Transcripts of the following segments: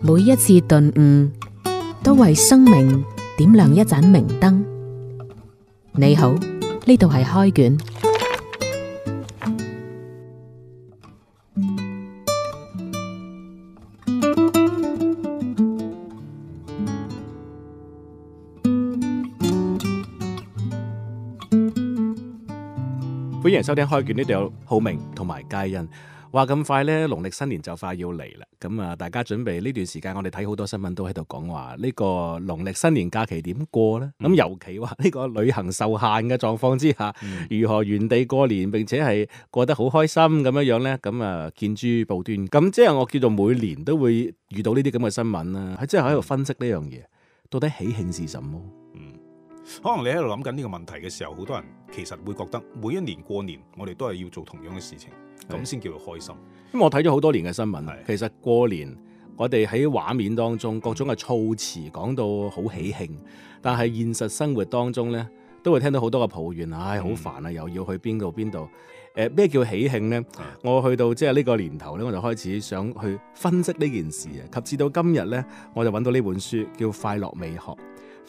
每一次頓悟，都為生命點亮一盞明燈。你好，呢度係開卷。歡迎收聽開卷，呢度有浩明同埋佳欣。話咁快呢，農曆新年就快要嚟啦，咁啊，大家準備呢段時間，我哋睇好多新聞都喺度講話呢個農曆新年假期點過呢？咁、嗯、尤其話呢個旅行受限嘅狀況之下，嗯、如何原地過年，並且係過得好開心咁樣樣呢？咁啊，見諸報端，咁即係我叫做每年都會遇到呢啲咁嘅新聞啦，係即係喺度分析呢樣嘢到底喜慶是什麼？嗯，可能你喺度諗緊呢個問題嘅時候，好多人其實會覺得每一年過年我哋都係要做同樣嘅事情。咁先叫佢開心。咁我睇咗好多年嘅新聞，的其實過年我哋喺畫面當中各種嘅措辭講到好喜慶，嗯、但係現實生活當中呢，都會聽到好多嘅抱怨，唉，好煩啊！又要去邊度邊度？誒、呃、咩叫喜慶呢？的我去到即係呢個年頭呢，我就開始想去分析呢件事啊。及至到今日呢，我就揾到呢本書叫《快樂美學》。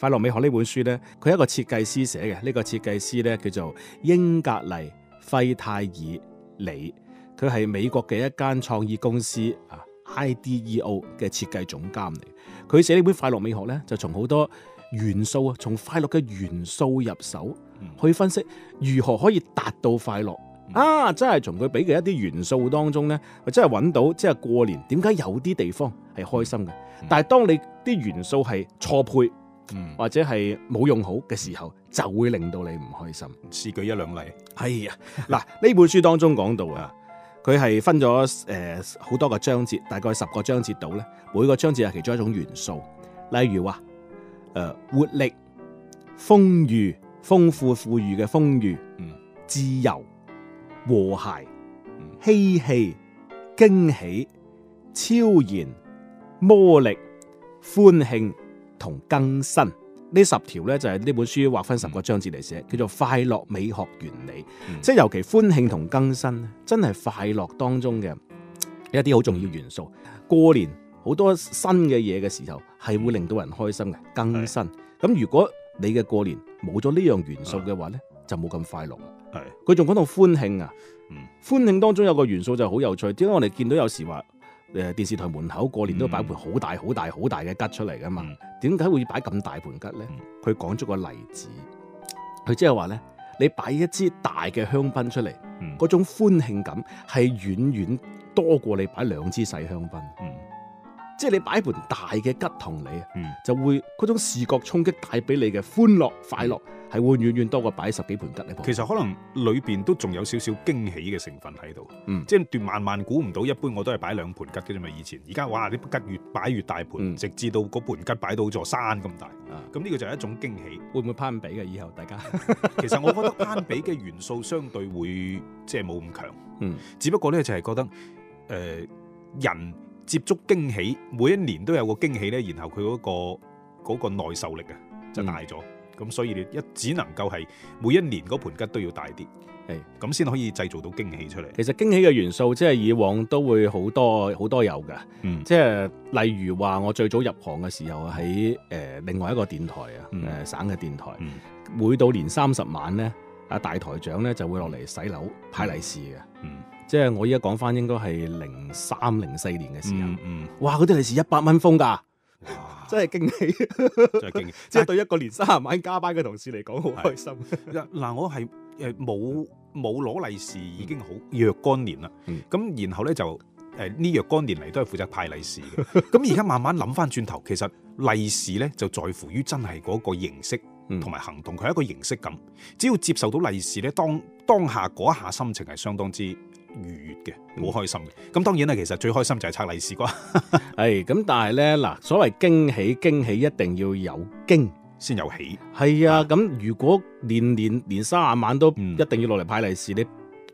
《快樂美學》呢本書呢，佢係一個設計師寫嘅。呢、這個設計師呢，叫做英格麗費泰爾李。佢係美國嘅一間創意公司啊，IDEO 嘅設計總監嚟。佢寫呢本《快樂美學》呢，就從好多元素啊，從快樂嘅元素入手、嗯、去分析，如何可以達到快樂、嗯、啊！真係從佢俾嘅一啲元素當中呢，佢真係揾到即係、就是、過年點解有啲地方係開心嘅，但係當你啲元素係錯配、嗯、或者係冇用好嘅時候，嗯、就會令到你唔開心。試舉一兩例，哎呀，嗱，呢 本書當中講到啊。 佢係分咗誒好多個章節，大概十個章節到咧，每個章節係其中一種元素。例如話誒、呃、活力、豐裕、豐富、富裕嘅豐裕、自由、和諧、嗯、嬉戲、驚喜、超然、魔力、歡慶同更新。呢十條呢，就係、是、呢本書劃分十個章節嚟寫，嗯、叫做快樂美學原理，嗯、即係尤其歡慶同更新，真係快樂當中嘅一啲好重要元素。嗯、過年好多新嘅嘢嘅時候係會令到人開心嘅更新。咁、嗯、如果你嘅過年冇咗呢樣元素嘅話呢、嗯、就冇咁快樂。係佢仲講到歡慶啊，嗯、歡慶當中有個元素就好有趣，點解我哋見到有時話？誒電視台門口過年都擺盤好大好大好大嘅吉出嚟噶嘛？點解、嗯、會擺咁大盤吉呢？佢、嗯、講咗個例子，佢即係話咧，你擺一支大嘅香檳出嚟，嗰、嗯、種歡慶感係遠遠多過你擺兩支細香檳。嗯、即係你擺盤大嘅吉同你、嗯、就會嗰種視覺衝擊帶俾你嘅歡樂快樂。嗯係會遠遠多過擺十幾盤吉呢噃，其實可能裏邊都仲有少少驚喜嘅成分喺度。即係段萬萬估唔到，一般我都係擺兩盤吉嘅啫嘛。以前而家哇，啲吉越擺越大盤。嗯、直至到嗰盤吉擺到座山咁大。啊，咁呢個就係一種驚喜，會唔會攀比嘅？以後大家 其實我覺得攀比嘅元素相對會即係冇咁強。嗯、只不過咧就係、是、覺得誒、呃、人接觸驚喜，每一年都有個驚喜咧，然後佢嗰、那個耐、那個那個、受力啊，就大咗。嗯咁所以你一只能夠係每一年嗰盤吉都要大啲，誒咁先可以製造到驚喜出嚟。其實驚喜嘅元素即係以往都會好多好多有㗎，嗯、即係例如話我最早入行嘅時候喺誒、呃、另外一個電台啊，誒、嗯呃、省嘅電台，嗯、每到年三十晚咧，阿大台長咧就會落嚟洗樓派利、嗯嗯、是嘅，即係我依家講返應該係零三零四年嘅時候，哇、嗯！嗰啲利是一百蚊封㗎。哇真係驚喜， 真係驚喜！即係 是對一個年三十晚加班嘅同事嚟講，好開心。嗱的、 啊，我係誒冇冇攞利是，已經好若干年啦。咁、嗯、然後咧就誒呢若干年嚟都係負責派利是。咁而家慢慢諗翻轉頭，其實利是咧就在乎於真係嗰個形式同埋行動。佢係、嗯、一個形式感，只要接受到利是咧，當當下嗰一下心情係相當之。愉悅嘅，好開心嘅。咁當然啦，其實最開心就係拆利是啩。誒， 咁但係咧，嗱，所謂驚喜驚喜，驚喜一定要有驚先有喜。係啊，咁、嗯、如果年年年卅晚都一定要落嚟派利是，嗯、你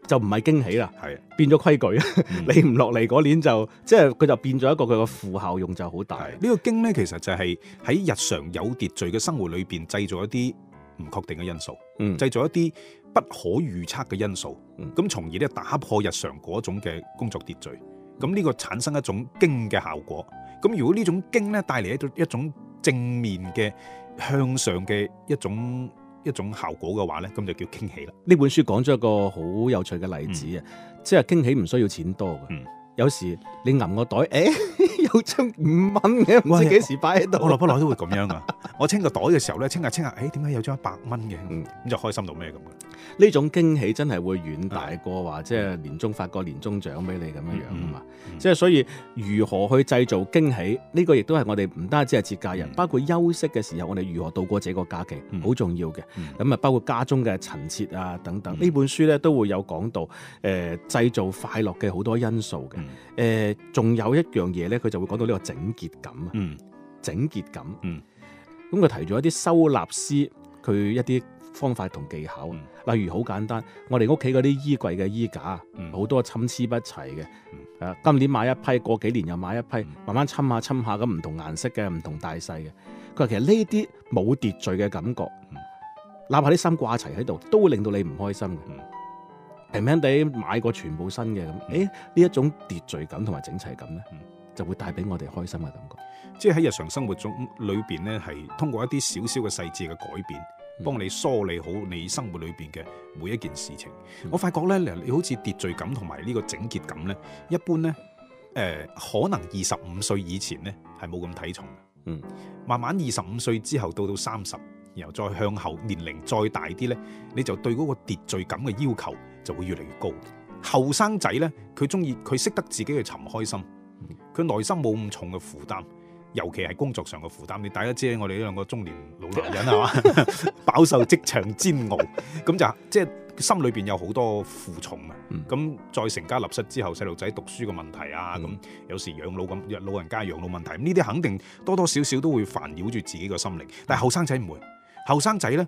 就唔係驚喜啦。係、啊、變咗規矩。嗯、 你唔落嚟嗰年就，即係佢就變咗一個佢嘅負效用就好大。呢、啊這個驚咧，其實就係喺日常有秩序嘅生活裏邊製造一啲唔確定嘅因素，製、嗯、造一啲。不可預測嘅因素，咁、嗯、從而咧打破日常嗰種嘅工作秩序，咁呢個產生一種驚嘅效果。咁如果呢種驚咧帶嚟一一種正面嘅向上嘅一種一種效果嘅話咧，咁就叫驚喜啦。呢本書講咗一個好有趣嘅例子啊，嗯、即係驚喜唔需要錢多嘅，嗯、有時你揞個袋，誒、欸。 張五蚊嘅，唔知幾時擺喺度。我落不落都會咁樣噶。我清個袋嘅時候咧，清下清下，誒，點解有張一百蚊嘅？咁就開心到咩咁？呢種驚喜真係會遠大過話，即係年終發個年終獎俾你咁樣樣啊嘛。即係所以，如何去製造驚喜？呢個亦都係我哋唔單止係節假日，包括休息嘅時候，我哋如何度過這個假期，好重要嘅。咁啊，包括家中嘅陳設啊等等，呢本書咧都會有講到，誒，製造快樂嘅好多因素嘅。誒，仲有一樣嘢咧，佢就。講到呢個整潔感，潔感，嗯，整潔感，嗯，咁佢提咗一啲收納師佢一啲方法同技巧，嗯、例如好簡單，我哋屋企嗰啲衣櫃嘅衣架，好、嗯、多參差不齊嘅，誒、嗯，今年買一批，過幾年又買一批，慢慢侵下侵下咁，唔同顏色嘅，唔同大細嘅，佢話其實呢啲冇秩序嘅感覺，哪怕啲衫掛齊喺度，都會令到你唔開心嘅，平平地買過全部新嘅咁，誒，呢一種秩序感同埋整齊感咧。嗯就會帶俾我哋開心嘅感覺，即係喺日常生活中裏邊呢係通過一啲少少嘅細節嘅改變，幫、嗯、你梳理好你生活裏邊嘅每一件事情。嗯、我發覺呢，你好似秩序感同埋呢個整潔感呢，一般呢，誒、呃、可能二十五歲以前呢，係冇咁睇重，嗯，慢慢二十五歲之後到到三十，然後再向後年齡再大啲呢，你就對嗰個秩序感嘅要求就會越嚟越高。後生仔呢，佢中意佢識得自己去尋開心。佢內心冇咁重嘅負擔，尤其係工作上嘅負擔。你大家知我哋呢兩個中年老男人係嘛， 飽受職場煎熬，咁就即係心裏邊有好多負重啊。咁、嗯、再成家立室之後，細路仔讀書嘅問題啊，咁、嗯、有時養老咁老人家養老問題，咁呢啲肯定多多少少都會煩擾住自己嘅心靈。但係後生仔唔會，後生仔咧，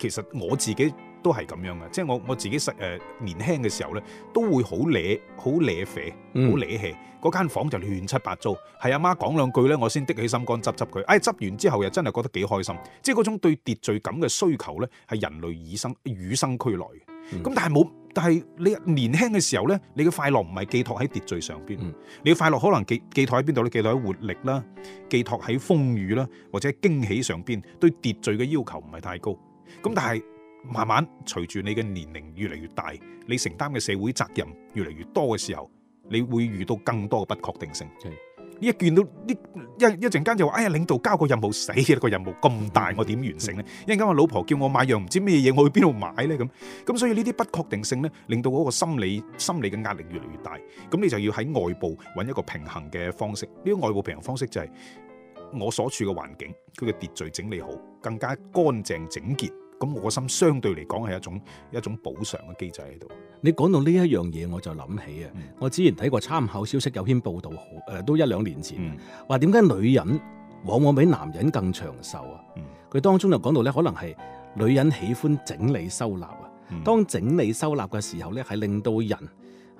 其實我自己。都係咁樣嘅，即係我我自己實誒、呃、年輕嘅時候咧，都會好攣，好攣肥，好攣氣，嗰、嗯、間房就亂七八糟。係阿、啊、媽講兩句咧，我先的起心肝執執佢。哎，執完之後又真係覺得幾開心。即係嗰種對秩序感嘅需求咧，係人類以生與生俱來嘅。咁、嗯、但係冇，但係你年輕嘅時候咧，你嘅快樂唔係寄託喺秩序上邊，嗯、你嘅快樂可能寄寄託喺邊度咧？寄託喺活力啦，寄託喺風雨啦，或者驚喜上邊。對秩序嘅要求唔係太高。咁但係。慢慢隨住你嘅年齡越嚟越大，你承擔嘅社會責任越嚟越多嘅時候，你會遇到更多嘅不確定性。呢的一見到呢一一陣間就話：「哎呀，領導交個任務死啦，個任務咁大，我點完成呢？的」一陣間我老婆叫我買樣唔知咩嘢，我去邊度買呢？咁咁，所以呢啲不確定性呢，令到嗰個心理心理嘅壓力越嚟越大。咁你就要喺外部揾一個平衡嘅方式。呢、這個外部平衡方式就係我所處嘅環境，佢嘅秩序整理好，更加乾淨整潔。咁我心相對嚟講係一種一種補償嘅機制喺度。你講到呢一樣嘢，我就諗起啊，嗯、我之前睇過參考消息有篇報道，誒、呃，都一兩年前，話點解女人往往比男人更長壽啊？佢、嗯、當中就講到咧，可能係女人喜歡整理收納啊，嗯、當整理收納嘅時候咧，係令到人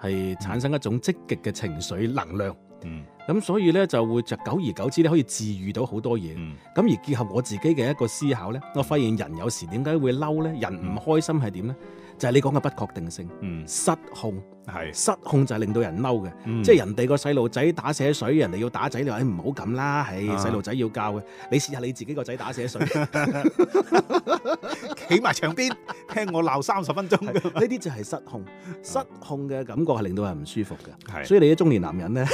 係產生一種積極嘅情緒能量。嗯，咁所以咧就會就久而久之咧可以治癒到好多嘢，咁、嗯、而結合我自己嘅一個思考咧，我發現人有時點解會嬲咧，人唔開心係點咧？就係你講嘅不確定性，失控係失控就係令到人嬲嘅，即係人哋個細路仔打死水，人哋要打仔，你話，誒唔好咁啦，係細路仔要教嘅。你試下你自己個仔打死水，企埋牆邊聽我鬧三十分鐘，呢啲就係失控，失控嘅感覺係令到人唔舒服嘅。係，所以你啲中年男人咧，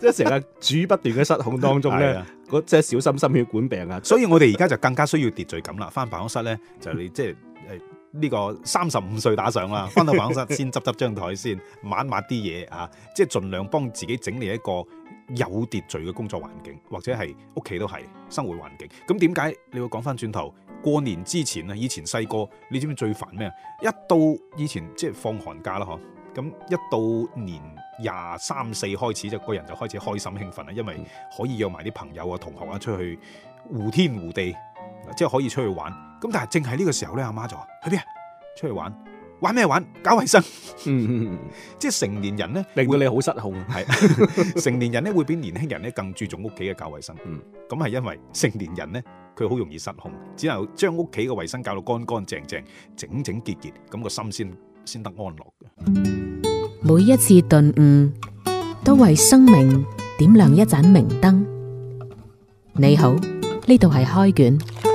即係成日處不斷嘅失控當中咧，即係小心心血管病啊。所以我哋而家就更加需要秩序感啦。翻辦公室咧，就係你即係誒。呢、這個三十五歲打上啦，返到辦公室先執執張枱先，抹抹啲嘢啊，即係盡量幫自己整理一個有秩序嘅工作環境，或者係屋企都係生活環境。咁點解？你會講返轉頭過年之前啊，以前細個你知唔知最煩咩啊？一到以前即係放寒假啦，嗬。咁一到年廿三四開始就個人就開始開心興奮啦，因為可以約埋啲朋友啊、同學啊出去胡天胡地，即係可以出去玩。咁但係正係呢個時候咧，阿媽就話，去邊啊？出去玩，玩咩玩？搞衛生。嗯，即係成年人咧，令到你好失控。係成年人咧，會比年輕人咧更注重屋企嘅搞衛生。嗯，咁係因為成年人咧，佢好容易失控，只能夠將屋企嘅衛生搞到乾乾淨淨、整整潔潔，咁個心先先得安樂嘅。每一次頓悟，都為生命點亮一盞明燈。你好，呢度係開卷。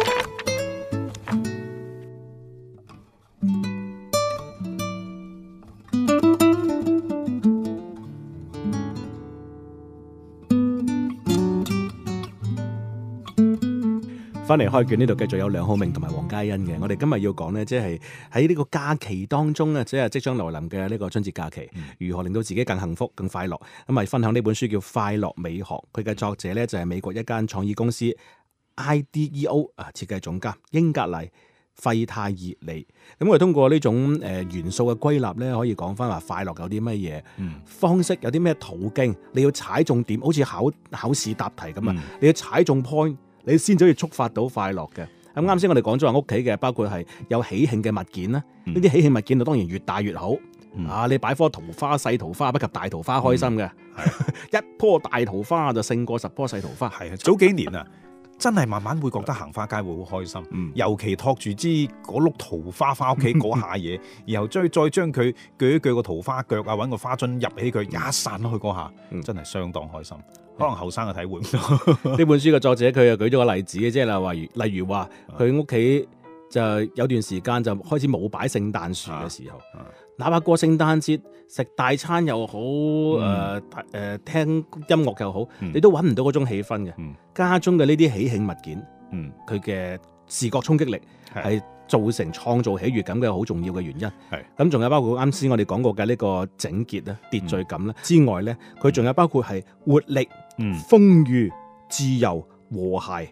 翻嚟開卷呢度，繼續有梁浩明同埋黃嘉欣嘅。我哋今日要講呢，即係喺呢個假期當中啊，即係即將來臨嘅呢個春節假期，如何令到自己更幸福、更快樂？咁啊，分享呢本書叫《快樂美學》，佢嘅作者呢，就係美國一間創意公司 IDEO 啊，設計總監英格麗費泰熱尼。咁我哋通過呢種誒元素嘅歸納呢，可以講翻話快樂有啲乜嘢方式，有啲咩途徑，你要踩重點，好似考考試答題咁啊，嗯、你要踩中 point。你先可以觸發到快樂嘅。咁啱先，我哋講咗話屋企嘅，包括係有喜慶嘅物件啦。呢啲、嗯、喜慶物件就當然越大越好。啊、嗯，你擺棵桃花，細桃花不及大桃花開心嘅。嗯、 一棵大桃花就勝過十棵細桃花。係 早幾年啊。 真係慢慢會覺得行花街會好開心，嗯、尤其托住支嗰碌桃花返屋企嗰下嘢， 然後再再將佢鋸一鋸個桃花腳啊，揾個花樽入起佢，嗯、散一散落去嗰下，嗯、真係相當開心。嗯、可能後生嘅體會、嗯。呢 本書嘅作者佢又舉咗個例子嘅，即係例例如話，佢屋企就有段時間就開始冇擺聖誕樹嘅時候。啊啊啊打下過聖誕節食大餐又好，誒誒、嗯呃呃、聽音樂又好，嗯、你都揾唔到嗰種氣氛嘅。嗯、家中嘅呢啲喜慶物件，嗯，佢嘅視覺衝擊力係造成創造喜悅感嘅好重要嘅原因。係咁、嗯，仲有包括啱先我哋講過嘅呢個整潔啦、秩序感啦、嗯、之外咧，佢仲有包括係活力、豐裕、嗯、自由、和諧、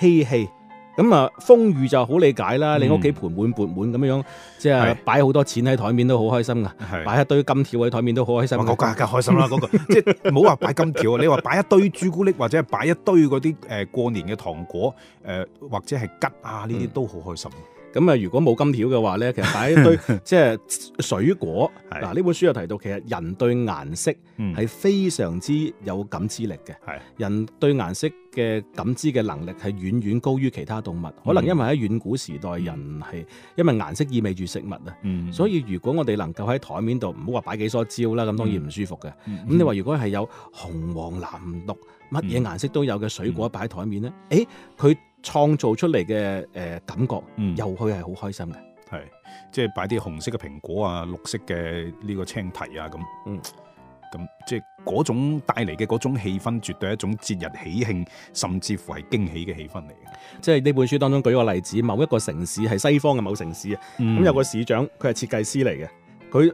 嬉戲，戲。咁啊，風雨就好理解啦。嗯、你屋企盆滿缽滿咁樣，即係是擺好多錢喺台面都好開心㗎。是擺一堆金條喺台面都好開心。嗰、那個更開心啦，嗰、那個、那個、 即係唔好話擺金條啊。 你話擺一堆朱古力或者係擺一堆嗰啲誒過年嘅糖果誒、呃，或者係吉啊呢啲都好開心。嗯咁啊！如果冇金條嘅話咧，其實擺一堆 即係水果。嗱的，呢本書又提到，其實人對顏色係非常之有感知力嘅。係的，人對顏色嘅感知嘅能力係遠遠高於其他動物。可能因為喺遠古時代，嗯、人係因為顏色意味住食物啊。嗯、所以如果我哋能夠喺台面度唔好話擺幾梳蕉啦，咁當然唔舒服嘅。咁、嗯嗯、你話如果係有紅黃藍綠乜嘢顏色都有嘅水果擺喺台面咧，誒佢？創造出嚟嘅誒感覺，嗯，又去係好開心嘅，係，即係擺啲紅色嘅蘋果啊，綠色嘅呢個青提啊咁，嗯，咁即係嗰種帶嚟嘅嗰種氣氛，絕對係一種節日喜慶，甚至乎係驚喜嘅氣氛嚟嘅。即係呢本書當中舉個例子，某一個城市係西方嘅某個城市啊，咁，嗯，有個市長，佢係設計師嚟嘅，佢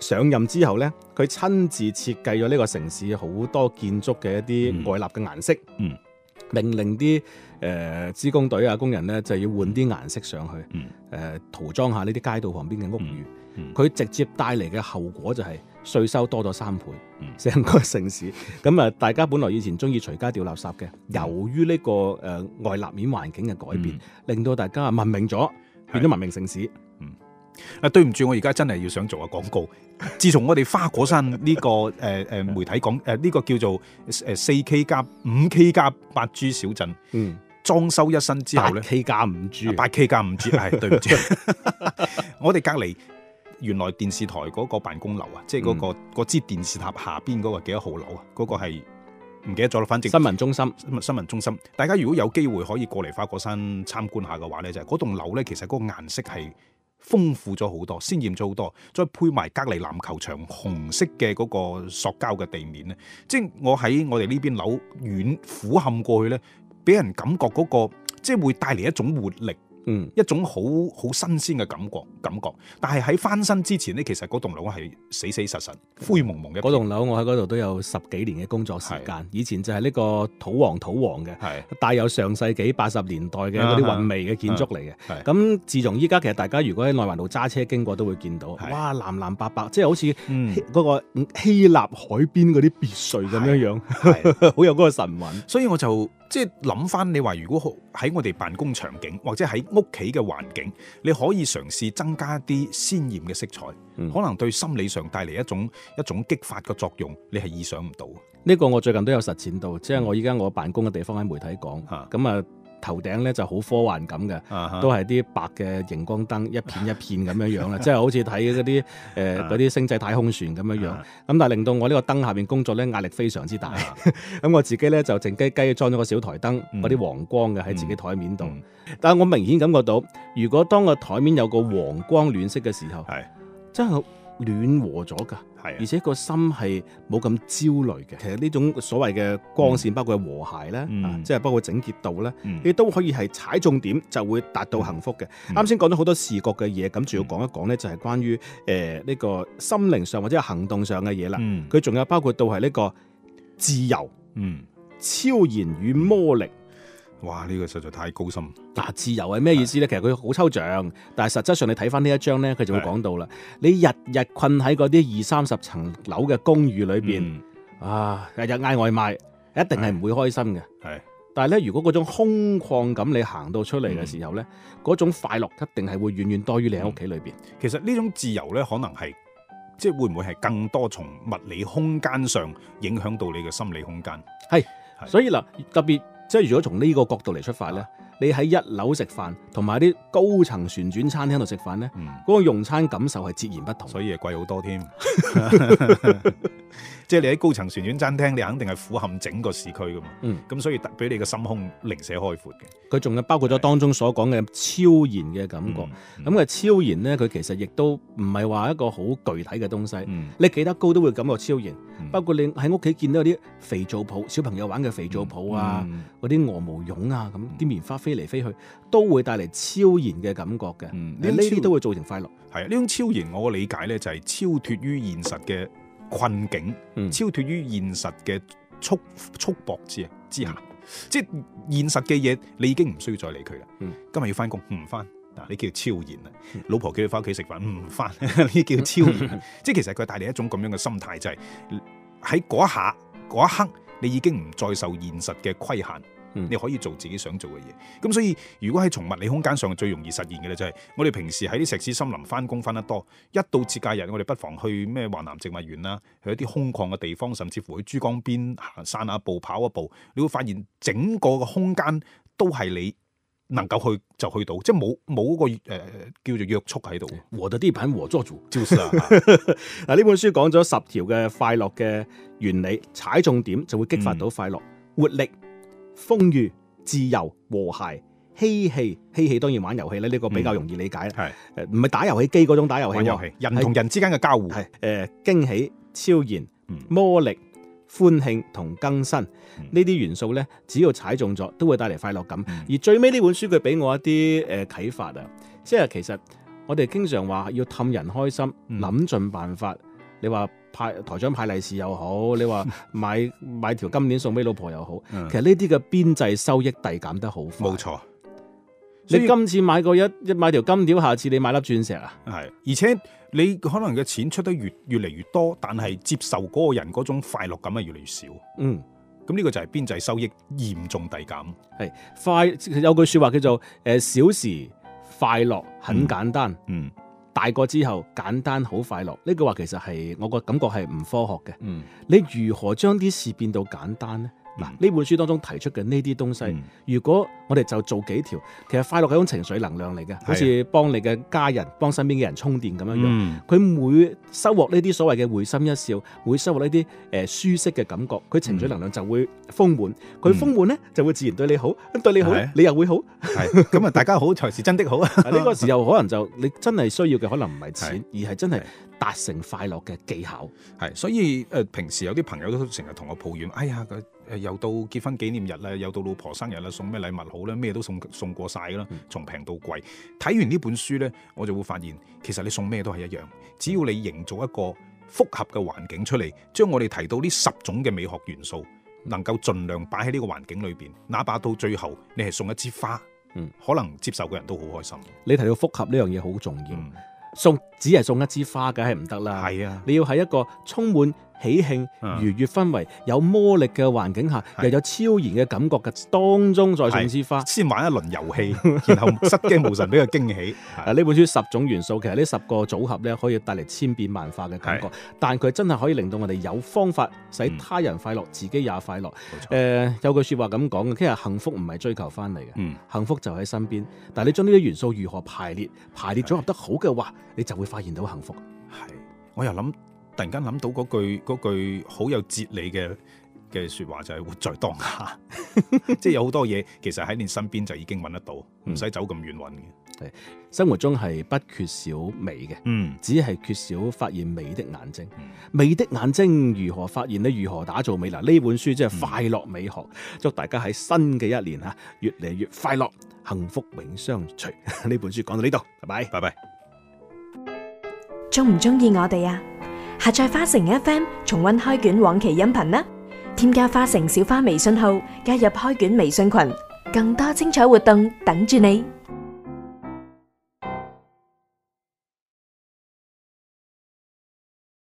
上任之後咧，佢親自設計咗呢個城市好多建築嘅一啲外立嘅顏色，嗯。嗯命令啲誒施工隊啊，工人咧就要換啲顏色上去，誒、嗯呃、塗裝下呢啲街道旁邊嘅屋宇。佢、嗯嗯、直接帶嚟嘅後果就係稅收多咗三倍，成、嗯、個城市。咁啊、嗯，大家本來以前鍾意隨街掉垃圾嘅，嗯、由於呢、呢個誒、呃、外立面環境嘅改變，嗯嗯、令到大家文明咗，變咗文明城市的。啊，對唔住，我而家真係要想做個廣告。自從我哋花果山呢、這個誒誒、呃、媒體講誒呢個叫做誒四 K 加五 K 加八 G 小鎮，嗯，裝修一新之後咧，K 加五 G，八 K 加五 G 係對唔住， 我哋隔籬原來電視台嗰個辦公樓啊，即係嗰個嗰、嗯、支電視塔下邊嗰個幾多號樓啊？嗰、嗰個係唔記得咗咯，反正新聞中心，新聞中心。大家如果有機會可以過嚟花果山參觀下嘅話咧，就係嗰棟樓咧，其實嗰個顏色係。豐富咗好多，鮮豔咗好多，再配埋隔籬籃球場紅色嘅嗰個塑膠嘅地面咧，即係我喺我哋呢邊樓遠俯瞰過去咧，俾人感覺嗰個即係會帶嚟一種活力。嗯，一種好好新鮮嘅感覺，感覺。但係喺翻身之前呢，其實嗰棟樓係死死實實、灰蒙蒙嘅。嗰棟樓我喺嗰度都有十幾年嘅工作時間。的以前就係呢個土黃土黃嘅，帶的有上世紀八十年代嘅嗰啲韻味嘅建築嚟嘅。咁自從依家，其實大家如果喺內環路揸車經過都會見到，的哇，藍藍白白，即係好似希嗰、嗯、個希臘海邊嗰啲別墅咁樣樣，好有嗰個神韻。所以我就。即係諗翻你話，如果喺我哋辦公場景或者喺屋企嘅環境，你可以嘗試增加一啲鮮艷嘅色彩，嗯、可能對心理上帶嚟一種一種激發嘅作用，你係意想唔到。呢個我最近都有實踐到，即係我依家我辦公嘅地方喺媒體講，嗯，咁啊。頭頂咧就好、係、科幻感嘅，啊、都係啲白嘅熒光燈，一片一片咁樣樣啦，即係、啊、好似睇嗰啲誒啲星際太空船咁樣樣。咁、啊、但係令到我呢個燈下邊工作咧壓力非常之大。咁、啊啊嗯、我自己咧就靜雞雞裝咗個小台燈，嗰啲黃光嘅喺自己台面度。嗯嗯嗯、但我明顯感覺到，如果當個台面有個黃光暖色嘅時候，係、嗯嗯、真係。暖和咗㗎，係啊，而且個心係冇咁焦慮嘅。其實呢種所謂嘅光線，包括和諧咧，啊，即係包括整潔度咧，亦都可以係踩重點，就會達到幸福嘅。啱先講咗好多視覺嘅嘢，咁仲要講一講咧，就係關於誒呢個心靈上或者行動上嘅嘢啦。佢仲有包括到係呢個自由、嗯、超然與魔力。哇！呢個實在太高深。嗱，自由係咩意思呢？其實佢好抽象，但係實質上你睇翻呢一章呢，佢就會講到啦。你日日困喺嗰啲二三十層樓嘅公寓裏邊，啊，日日嗌外賣，一定係唔會開心嘅。係。但係咧，如果嗰種空曠感你行到出嚟嘅時候呢，嗰種快樂一定係會遠遠多於你喺屋企裏邊。其實呢種自由呢，可能係即係會唔會係更多從物理空間上影響到你嘅心理空間？係。所以嗱，特別。即係如果從呢個角度嚟出發咧。你喺一樓食飯，同埋啲高層旋轉餐廳度食飯咧，嗰個用餐感受係截然不同，所以係貴好多添。即係你喺高層旋轉餐廳，你肯定係俯瞰整個市區噶嘛。咁所以畀你嘅心胸零舍開闊嘅。佢仲有包括咗當中所講嘅超然嘅感覺。咁嘅超然咧，佢其實亦都唔係話一個好具體嘅東西。你幾得高都會感覺超然。包括你喺屋企見到啲肥皂泡、小朋友玩嘅肥皂泡啊，嗰啲鵝毛絨啊，咁啲棉花。飛嚟飛去都會帶嚟超然嘅感覺嘅，嗯，你呢啲都會造成快樂。係啊、嗯，呢種超然我嘅理解咧就係超脱於現實嘅困境，嗯、超脱於現實嘅束束縛之之下。嗯、即係現實嘅嘢，你已經唔需要再理佢啦。嗯、今日要翻工唔翻嗱，你叫超然啊。老婆叫佢翻屋企食飯唔翻，呢叫超然。嗯、 即係其實佢帶嚟一種咁樣嘅心態，就係喺嗰下嗰一刻，你已經唔再受現實嘅規限。嗯、你可以做自己想做嘅嘢，咁所以如果喺從物理空間上最容易實現嘅咧，就是，就係我哋平時喺啲石屎森林翻工翻得多，一到節假日我哋不妨去咩華南植物園啦，去一啲空曠嘅地方，甚至乎去珠江邊行散下步，跑一步，你會發現整個個空間都係你能夠去就去到，即係冇冇嗰個誒、呃、叫做約束喺度，我嘅地盤我做主，照死啦。嗱，呢本書講咗十條嘅快樂嘅原理，踩重點就會激發到快樂、嗯、活力。風雨、自由、和諧、嬉戲、嬉戲當然玩遊戲咧，呢、這個比較容易理解啦。係、嗯，誒唔係打遊戲機嗰種打遊戲，玩遊戲人同人之間嘅交互。係，誒、呃、驚喜、超然、魔力、歡慶同更新呢啲元素咧，只要踩中咗都會帶嚟快樂感。嗯、而最尾呢本書佢俾我一啲誒啟發啊，即係其實我哋經常話要氹人開心，諗盡、嗯、辦法。你話？派台長派利是又好，你話，買買條金鏈送俾老婆又好，嗯、其實呢啲嘅邊際收益遞減得好快。冇錯，你今次買個一，一買條金條，下次你買粒鑽石啊？係，而且你可能嘅錢出得越越嚟越多，但係接受嗰個人嗰種快樂感啊，越嚟越少。嗯，咁呢個就係邊際收益嚴重遞減。係快有句說話叫做誒、呃，小時快樂很簡單。嗯。嗯大過之後簡單好快樂。呢句話其實係我個感覺係唔科學嘅。嗯，你如何將啲事變到簡單呢？嗱，呢本書當中提出嘅呢啲東西，如果我哋就做幾條，其實快樂係種情緒能量嚟嘅，好似幫你嘅家人、幫身邊嘅人充電咁樣樣。佢每收穫呢啲所謂嘅會心一笑，會收穫呢啲誒舒適嘅感覺，佢情緒能量就會豐滿。佢豐滿呢，就會自然對你好。咁對你好，你又會好。係咁啊，大家好才是真的好啊。呢個時候可能就你真係需要嘅可能唔係錢，而係真係。達成快樂嘅技巧係，所以誒、呃、平時有啲朋友都成日同我抱怨，哎呀，誒又到結婚紀念日啦，又到老婆生日啦，送咩禮物好咧？咩都送送過晒啦，從平到貴。睇完呢本書呢，我就會發現，其實你送咩都係一樣，只要你營造一個複合嘅環境出嚟，將我哋提到呢十種嘅美學元素，能夠盡量擺喺呢個環境裏邊，哪怕到最後你係送一支花，嗯，可能接受嘅人都好開心。你提到複合呢樣嘢好重要。嗯送只係送一支花，梗係唔得啦！係啊，你要喺一個充滿，喜慶、愉悅氛圍、有魔力嘅環境下，是又有超然嘅感覺嘅當中，在上枝花，先玩一輪遊戲， 然後失驚無神俾個驚喜。啊，呢本書十種元素，其實呢十個組合咧，可以帶嚟千變萬化嘅感覺。是但佢真係可以令到我哋有方法使他人快樂，嗯、自己也快樂。誒錯、呃，有句話說話咁講嘅，其實幸福唔係追求翻嚟嘅，嗯、幸福就喺身邊。但係你將呢啲元素如何排列、排列組合得好嘅話，是你就會發現到幸福。係，我又諗。突然間諗到嗰句，嗰句好有哲理嘅嘅說話就係活在當下， 即係有好多嘢，其實喺你身邊就已經揾得到，唔使、嗯、走咁遠揾嘅。生活中係不缺少美嘅，嗯，只係缺少發現美的眼睛。嗯、美的眼睛如何發現呢？如何打造美嗱？呢本書即係快樂美學，祝大家喺新嘅一年吓越嚟越快樂，幸福永相隨。呢本書講到呢度，拜拜，拜拜。中唔中意我哋呀、啊？，下載花城